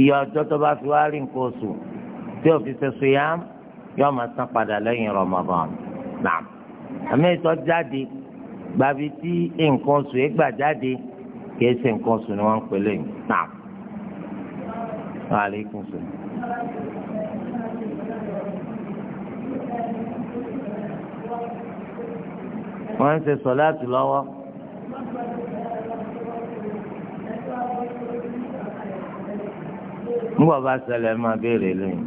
iye ọjọ́ tó bá fi wá rí nǹkan oṣù tí ò fi ṣe sùyàmù yóò máa san padà lẹ́yìn Ramadan náà àmì ìtọ́ jáde gbàbí tí nǹkan oṣù yẹn gbà jáde kìí ṣe nǹkan oṣù ni wọ́n ń pè lẹ́yìn náà. wọ́n ń ṣe sọ̀láàtì lọ́wọ́. nígbà bá ṣẹlẹ̀ máa béèrè lẹ́yìn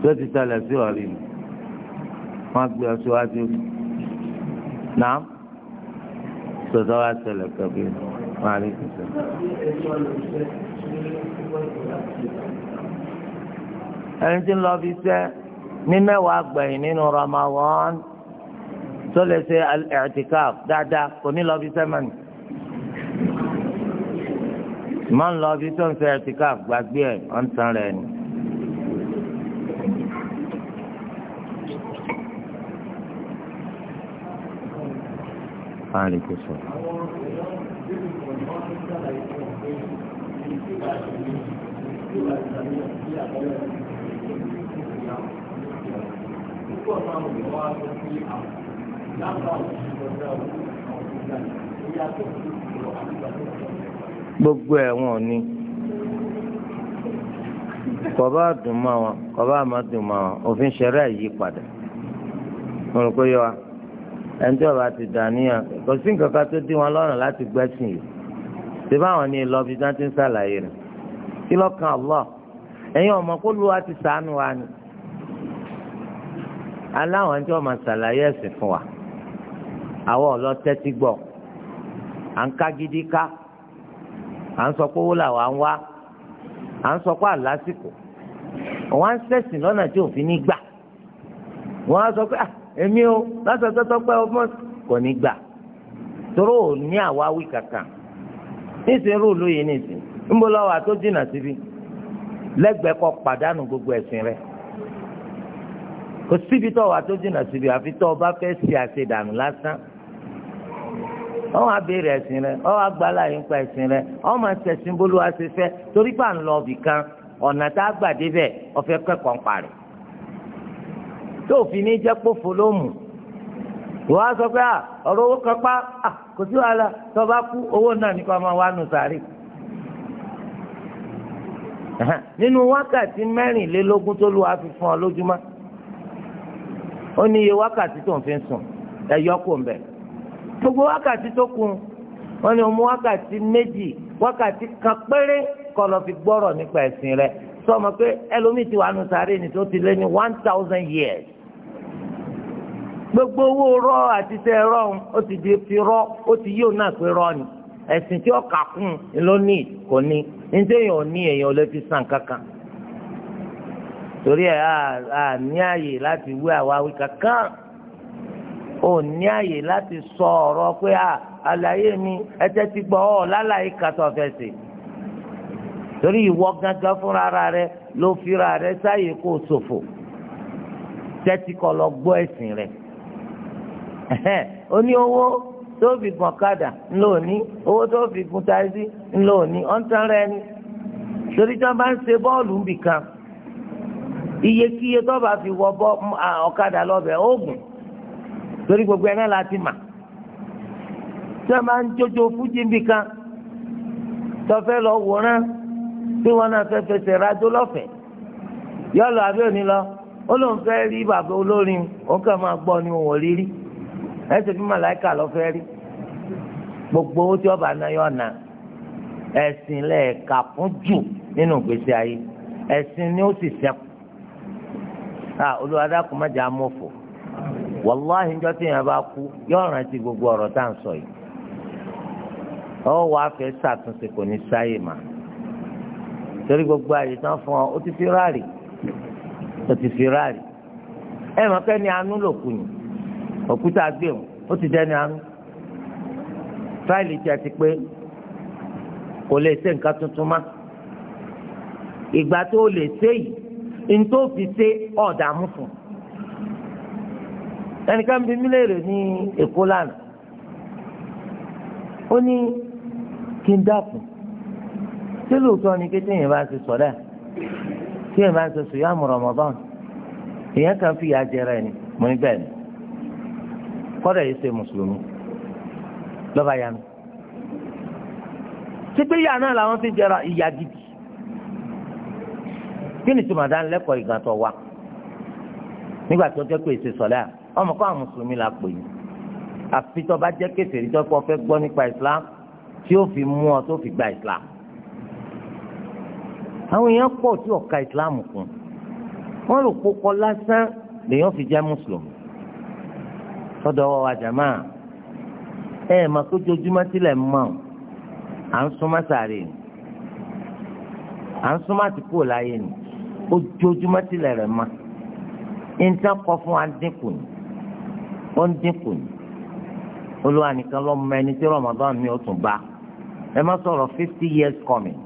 tó ti ṣẹlẹ̀ sí ọ̀rí wọ́n gbé ọ síwájú náà sọ̀tọ́ wá ṣẹlẹ̀ kẹ́bí wọ́n á rí ìṣẹ́. ẹni tí ń lọ fi ṣẹ́ ní mẹ́wàá gbẹ̀yìn nínú Ramadan tó lè ṣe ẹ̀ẹ́tìkáf dáadáa kò ní lọ bí sẹ́mọ̀nì máa ń lọ bí tó ń ṣe ẹ̀ẹ́tìkáf gbàgbé ẹ̀ ọ̀ ń rẹ̀ ni. Thank you gbogbo ẹ̀ wọn ò ní kọba dùn mọ́ wọn kọba àmọ́ dùn mọ́ wọn òfin ṣẹlẹ̀ yí padà mo rò pé yọ wa ẹni tí ọba ti dà níyàn kò sí nǹkan kan tó dín wọn lọ́rùn láti gbẹ́sìn yìí ṣé báwọn ní lọ bí dáná ti ń ṣàlàyé rẹ̀ kí lọ́kàn Allah ẹ̀yin ọmọ kó lu wa ti sànù wa ni aláwọn tí wọ́n máa ṣàlàyé ẹ̀sìn fún wa. àwọn ọ̀lọ́ tẹ́tí gbọ́ à ń ká gidi ká à ń sọ pé owó làwọn à ń wá à ń sọ pé àlásìkò wọ́n á ń sẹ̀sìn lọ́nà tí òfin ní gbà wọ́n á sọ pé èmi o lásán tó tọ́pẹ́ ọgbọ́n kò ní gbà toró ò ní àwáwí kankan nísìnyí rúùlù yìí nìsín ńbọ lọ́wọ́ àtó jìnnà síbi lẹ́gbẹ̀ẹ́ pàdánù gbogbo ẹ̀sìn re kò síbi tọ́wọ́ àtó jìnnà síbi àfi tọ́ ọ bá fẹ́ ṣe àṣedànù lásán ọ wá béèrè ẹ̀sìn rẹ ọ wá gba láàyè ńpa ẹ̀sìn rẹ ọ máa torí ń lọ ọbì kan ọ̀nà tá a gbà débẹ̀ ọ̀fẹ́ kẹ́kọ̀ọ́ ń tó fi ní jẹ́ ló wọ́n á sọ pé ọ̀rọ̀ owó kan pa kò sí wàhálà tó bá kú owó náà nípa máa wá nù nínú wákàtí mẹ́rìnlélógún tó ọ lójúmọ́ ó ní iye wákàtí tó ń gbogbo wákàtí tó kù wọ́n ní ọmọ wákàtí méjì wákàtí kan péré kó fi gbọ́rọ̀ nípa ẹ̀sìn rẹ̀ sọmọ pé ẹlòmíì ti wà nù sáré ni tó ti lé ní one thousand years gbogbo owó rọ àti tẹ rọ ó ti di fi rọ ó ti yí náà pé rọ ni ẹ̀sìn tí ó kà kún ló ní kò ní ní téèyàn ò ní èèyàn ò lè fi sàn kankan torí ẹ̀ à ní àyè láti wí àwáwí kankan. ò ní àyè láti sọ ọ̀rọ̀ pé à àlàyé mi ẹtẹ́ ti gbọ́ ọ lálàyé kàtọ́ torí ìwọ gángan fúnra ara rẹ ló fira rẹ sáyè kó ṣòfò tẹ́tí kọ́ lọ gbọ́ ẹ̀sìn rẹ̀ ó ní owó tó fi gùn ọ̀kadà ní owó tó fi gùn táyé ńlò ní ọ̀ǹtàn rẹ ni torí tí bá ń bọ́ọ̀lù nbìkan iyekíye tó bá fi wọ ọ̀kadà lọ́bẹ̀ oògùn torí gbogbo ẹ náà láti mà tí wọn máa ń jójó fújì kan tọfẹ lọ wòran tí wọn náà fẹẹ fẹsẹ̀ rájò yọlọ àbí òní lọ ó lóun fẹẹ rí bàbá olórin òun kàn máa ni òun ò rí rí lọ fẹẹ rí gbogbo owó tí ọba náà yọ náà ẹ̀sìn lẹ́ẹ̀ka fún jù nínú ìgbésí ayé ẹ̀sìn ni ó sì sẹ́kù. wàláhì ńjọ́ tí yẹn bá kú yóò rántí gbogbo ọ̀rọ̀ tá à ń sọ yìí ọ wàá fẹ́ ṣàtúnṣe kò ní sáyè mà torí gbogbo àyè tán fún ọ ó ti fi ráàlì ó ti fi ráàlì ẹ mọ̀ pé ní anú lòkù yìí òkúta gbé ó ti anú fáìlì tuntun ìgbà tó lè ṣe ẹnìkan bí mílíọ̀nù ní èkó lánàá ó ní kí n dàpọ̀ tí lóòótọ́ ni kí téèyàn bá ń ṣe sọ̀dá téèyàn bá ń ṣe sùn yá mọ̀ Ramadan èèyàn kan fi ìyà jẹrẹ ni mo ní bẹ́ẹ̀ ni kọ́dà yìí ṣe mùsùlùmí lọ́ba ya mi ìyá náà làwọn fi jẹrà ìyà gidi kí ni tí màdá lẹ́kọ̀ọ́ ìgbà tó wà nígbà tó jẹ́ pé èsì sọ̀lẹ́ à ọmọ kọ́ àwọn mùsùlùmí la pè yín àfi tó bá jẹ́ kèfèrí tó kọ́ fẹ́ gbọ́ nípa islam tí ó fi mú ọ tó fi gba islam àwọn èèyàn pọ̀ tí ọ̀ka islam kún wọ́n lò kókọ lásán lèèyàn fi jẹ́ mùsùlùmí sọ́dọ̀ ọwọ́ wa jàmá ẹ ẹ̀ máa kójoojúmọ́ sílẹ̀ mọ́ à ń súnmọ́ sàárè ni à ń súnmọ́ àti kúrò láyé ni ojoojúmọ́ sílẹ̀ rẹ̀ mọ́ ìńtàn kọ fún wa ni ó ń dínkù ní olúwa nìkan ló mọ ẹni tí Ramadan mi ò tún bá ẹ má sọ̀rọ̀ fifty years coming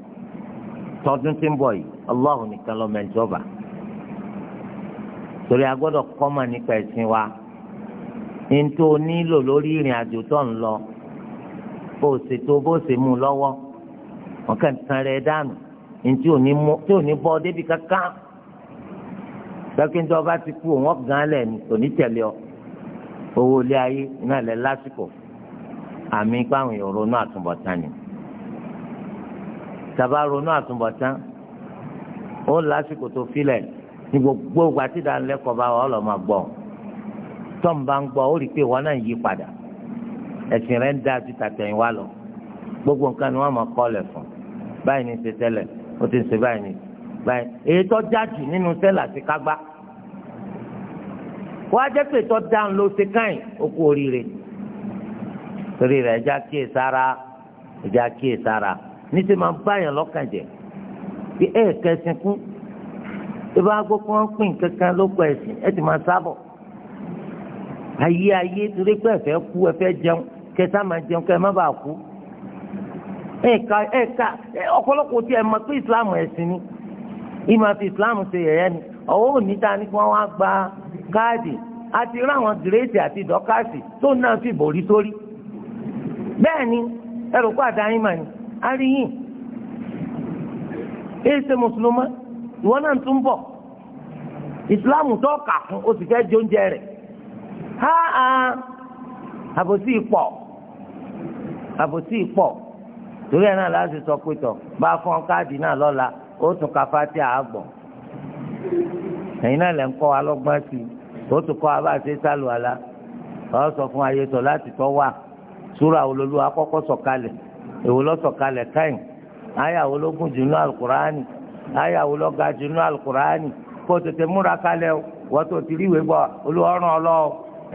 tọdún tí ń bọ̀ yìí Ọlọ́run nìkan ló mọ ẹni tí ó bá torí a gbọ́dọ̀ kọ́mọ̀ nípa ẹ̀sìn wa ní tó o nílò lórí ìrìn àjò tó ń lọ bó o ṣe tó bó o ṣe mú un lọ́wọ́ wọn kàn tán rẹ dànù ní tí ò ní bọ́ débi kankan lọ́kíńtì ọba ti kú òun ọ̀gá lẹ̀ ní kò tẹ̀lé ọ owó ilé ayé náà lẹ lásìkò àmì páwọn èèyàn ronú àtúbọ̀tán ni tàbá ronú àtúbọ̀tán ó lásìkò tó filẹ̀ ní gbogbo ìgbà tí ìdánilẹ́kọ̀ọ́ bá wà ọ́ lọ́ máa gbọ́ tọ́m bá ń gbọ́ ó rí i pé ìwọ náà ń yí padà ẹ̀sìn rẹ̀ ń dá ju tàtẹ̀yìn wá lọ gbogbo nǹkan ni wọ́n máa kọ́ fún báyìí ní ṣe tẹ́lẹ̀ ó ti ń ṣe báyìí ní báyìí èyí tó jáde nínú sẹ́là ti kágbá wàá jẹ́ pé tọ́ dáhùn ló ṣe káyìn ó kú oríire torí rẹ̀ ẹja kíyè sára ẹja kíyè sára níṣẹ́ máa báyàn lọ́kàn jẹ́ bí ẹ̀ kẹsìn kún ìbá gbogbo wọn pín kankan ló pọ̀ ẹ̀sìn ẹ̀ ti máa sábọ̀ ayé ayé torí pé ẹ̀fẹ́ kú ẹ̀fẹ́ jẹun kẹta máa jẹun kẹ má bàa kú ẹ̀ka ẹ̀ka ọ̀pọ̀lọpọ̀ tí ẹ̀ mọ̀ pé ìsìláàmù ẹ̀sìn ni ìmọ̀ àti ìsìláàmù ṣe yẹ̀yẹ́ ni. ọwọ́ òní ta ni wọ́n wá gba káàdì àti rí àwọn gírèsì àti dọ́kàsì tó náà fi bẹ́ẹ̀ ni ẹrù kó àdáyé mà ní àríyìn èyí ṣe mùsùlùmá ìwọ náà bọ̀ ìsìláàmù tó kà fún o fẹ́ jẹ oúnjẹ rẹ̀ ha ha àbòsí ìpọ̀ àbòsí ìpọ̀ torí ẹ̀ náà láti sọ pé tọ̀ bá fọ́n káàdì lọ́la ó tún ka Eyi náà lẹ ń kọ́ wa lọ́gbọ́n sí i ó tún kọ́ wa bá a ṣe sálù àlá ọ sọ fún ayé sọ láti tọ́ wà súra olólù akọ́kọ́ sọ̀kalẹ̀ èwo ló sọ̀kalẹ̀ káyìn ayàwó ló gùn jù ní ayàwó ló ga jù ní alukurani kó tètè múra kalẹ̀ wọ́n tó ti ríwèé gbọ́ olùwọ́rùn ọlọ́ọ̀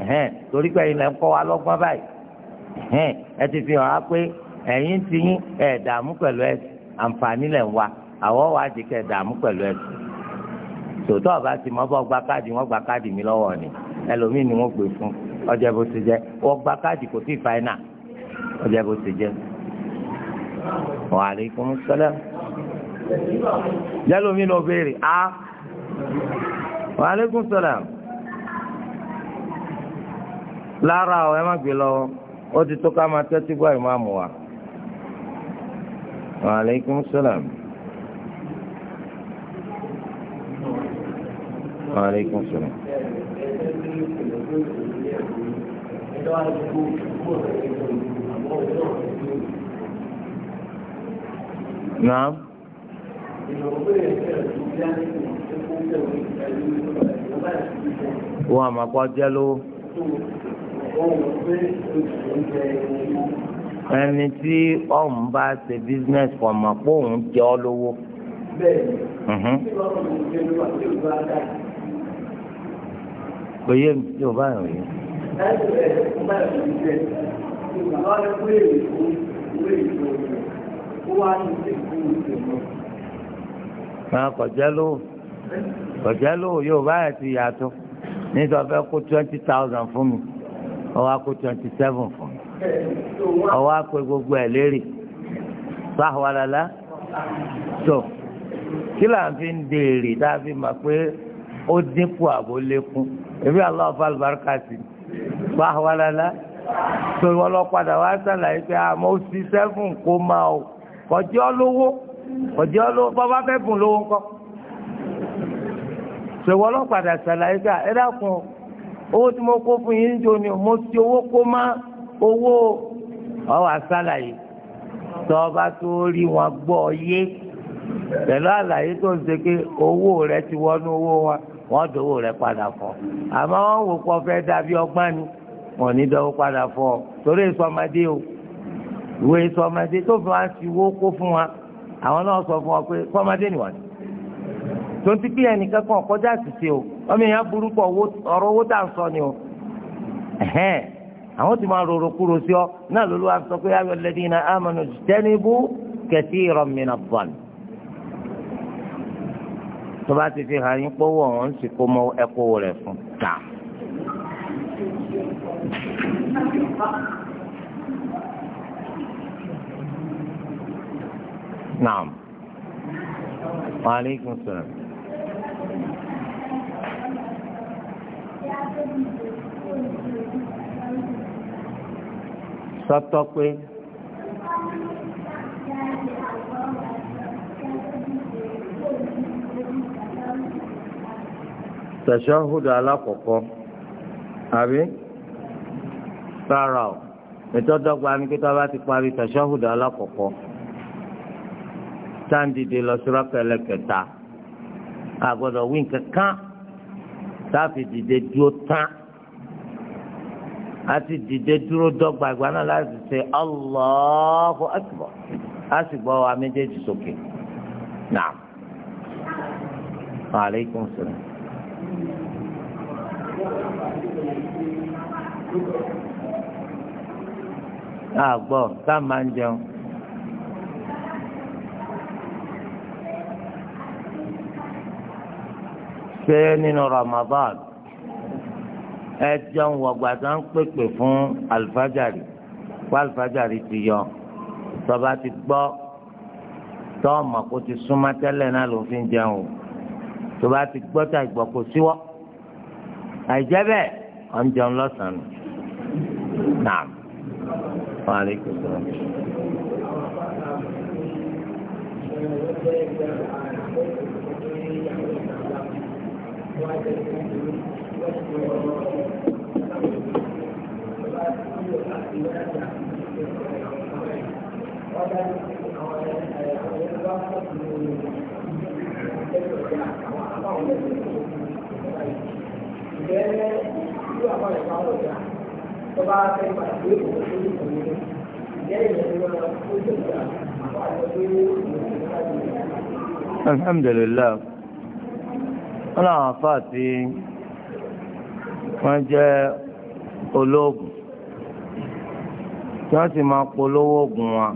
ẹ̀hẹ́n torí pé ẹ̀yin lẹ ń kọ́ wa lọ́gbọ́n báyìí ẹ ti fi hàn á pé ẹ̀yin ti ẹ̀ dààmú pẹ̀lú ẹ̀ àǹfààní lẹ̀ ń wa àwọ̀ wa dààmú pẹ̀lú ẹ̀ tòótọ́ ọba ti mọ́ bọ́ gba káàdì wọ́n gba káàdì mi lọ́wọ́ ni ẹlòmíì ni wọ́n gbé fún ọjà bó ti jẹ́ wọ́n gba káàdì kò sí fáínà ọjà bó ti jẹ́. wa alaikum salam jẹ́lómi ló béèrè a wa alaikum salam lára ọ̀ ẹ má gbé lọ́wọ́ ó ti tó ká máa tẹ́tí gbọ́ ìmáàmù wa wa alaikum salam. Wa alaikum salaam. Naam. Wọ́n àmọ́ kọ́ jẹ́ lówó ẹni tí ọ̀hún bá ṣe business fọmọ pé òun jẹ́ ọ lówó. bẹ́ẹ̀ ni mhm kò yé mi yóò bá yàn yé. máa kọjá ló kọjá ló yóò bá yàn ti yàtọ̀ nítorí ọ̀fẹ́ kó twenty thousand fún mi ọwọ́ kó twenty seven fún mi ọwọ́ pé gbogbo ẹ̀ lérè sáhùwàlálá tó kí là ń fi ń dèrè tá a fi mọ̀ pé ó dínkù àbó lékún èmi Allah fa àlùbáríkà sí wá wà lálá torí wọn lọ padà wá sàlàyé pé àmọ́ ó sì sẹ́fùn máa o kọjọ́ lówó kọjọ́ lówó bọ́bá fẹ́ fún lówó ńkọ́ torí wọn lọ padà sàlàyé pé ah, ẹ dákun owó tí mo kó fún yín jò ní mo ti owó kó má owó ọwọ́ àsàlàyé tọ́ba tó rí wọn gbọ́ yé pẹ̀lú àlàyé tó ń ṣe pé owó rẹ ti wọnú owó wọn wọ́n dówó rẹ̀ padà fọ́ àmọ́ wọ́n wò pọ̀ fẹ́ dàbí ọgbọ́n ni wọ́n ní dọ́wọ́ padà fọ́ torí èso ọmọdé o ìwé èso ọmọdé tó fi wá sí wó kó fún wa àwọn náà sọ fún wa pé fọmọdé nìwọ̀n ni tó ń ti pín ẹnìkan kan kọjá àṣìṣe o ọmọ èèyàn burú pọ̀ owó tá à ń sọ ni o àwọn tí máa rorò kúrò sí ọ náà lólu wa sọ pé ayọ̀ lẹ́dínà tó bá ti fi hàn yín pọ́wọ́ ọ̀hún sì kó mọ ẹ̀kọ́ rẹ̀ fún ta. Naam. Wa salaam. Sọ́tọ́ pé. tẹ̀sọ́hùdù alákọ̀ọ́kọ́ àbí rárá o ìtọ́dọ́gba ni kíkọ́ bá ti parí tẹ̀sọ́hùdù alákọ̀ọ́kọ́ táǹdìdì lọ sí rákẹ́lẹ́ kẹta àgbọ̀dọ̀ wí nǹkan kan táàfì dìde dúró tán àti dìde dúró dọ́gba ìgbà náà láti ṣe Allahu Akbar á sì gbọ́ wa méjèèjì sókè. Naam. Wa alaikum salaam. àgbọ̀ tá a máa ń jẹun. ṣe nínú Ramadan ẹ jẹun wọ̀gbà tó ń pèpè fún alifájàrí fún alifájàrí ti yọ tọba ti gbọ́ tọ́ọ̀mọ̀ kó ti súnmọ́ tẹ́lẹ̀ náà ló fi ń jẹun o tọba ti gbọ́ tà ìgbọ́ kó síwọ́ àìjẹ́ bẹ́ẹ̀ ọ̀ ń jẹun lọ́sàn-án. Naam. Wa alaikum salaam. Ìgbẹ́ ní ìlú àwọn ìpàwọ̀ ìjà tó bá fẹ́ pàdé òun tó ní ìwé ìjẹ́ ìyẹn lọ tó tó gbà àwọn àjọpé alhamdulillah wọn làwọn afa àti wọn jẹ olóògùn tí wọn sì máa polówó oògùn wọn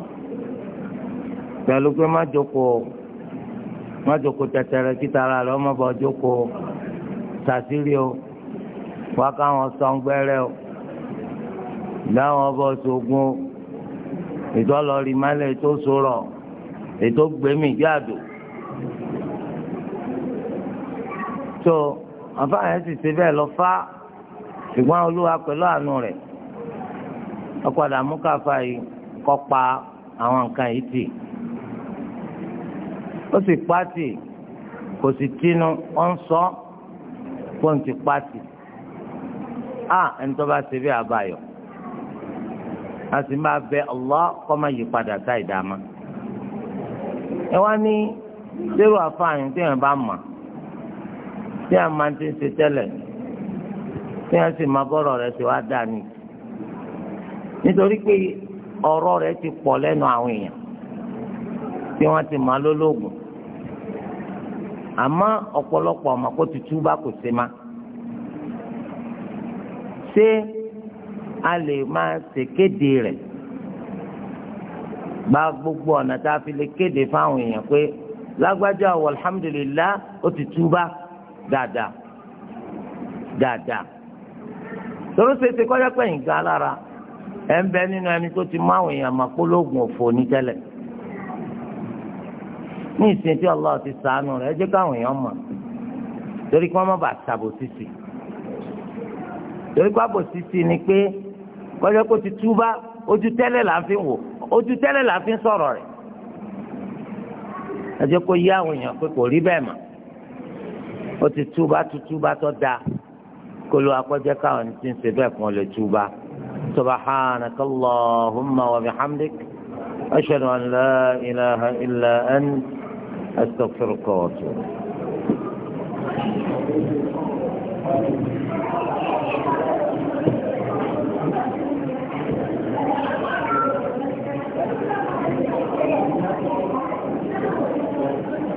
pẹ̀lú pé má jókòó má jókòó tẹtẹrẹ kíta ara rẹ ọmọ bá jókòó sàtírí o wá káwọn sọ dáwọn ọbọ sógun ètò ọlọrin málẹ ètò sọ̀rọ̀ ètò gbẹmí jáàdù tó àfáàyàn sì ṣe bẹ́ẹ̀ lọ fá ṣùgbọ́n olúwa pẹ̀lú àánú rẹ̀ ọ̀padà mú káfa yìí kọ́ pa àwọn nǹkan yìí tì ó sì pàtì kò sì tínú ó ń sọ fóun ti pàtì á ah, ẹni tó bá ṣe bí àbáyọ. a sì máa bẹ Allah kó má padà tá ìdààmú. ẹ wá ní tí èèyàn bá mọ̀ tí a máa ti ń ṣe tí a sì máa bọ́rọ̀ rẹ̀ ti wá dà ní. nítorí pé ti pọ lẹnu àwọn tí wọn ti máa lólógùn ọmọ kó a lè máa kéde rẹ̀ gba gbogbo ọ̀nà tá a fi lè kéde fáwọn èèyàn pé lágbájá wọ alhamdulilah ó ti túbá dáadáa dáadáa tòun ṣe kọjá pẹ̀yìn gan ẹ̀ ń bẹ nínú ẹni tó ti mú àwọn èèyàn máa òfò ní ti sàánú rẹ̀ ẹ jẹ́ káwọn èèyàn mọ̀ torí kí wọ́n má bàa torí kọjá kó ti túbá ojú tẹ́lẹ̀ là ń fi wò ojú tẹ́lẹ̀ là ń fi sọ̀rọ̀ rẹ̀ ẹjẹ kó yá àwọn èèyàn pé kò rí bẹ́ẹ̀ mọ́ ó ti túbá tu túbá tó dáa kó ló akọ́jẹ́ káwọn ti ń ṣe bẹ́ẹ̀ fún ọ lè túbá subhanaka allahumma wa bihamdik ashhadu an la ilaha illa ant astaghfiruka wa atubu.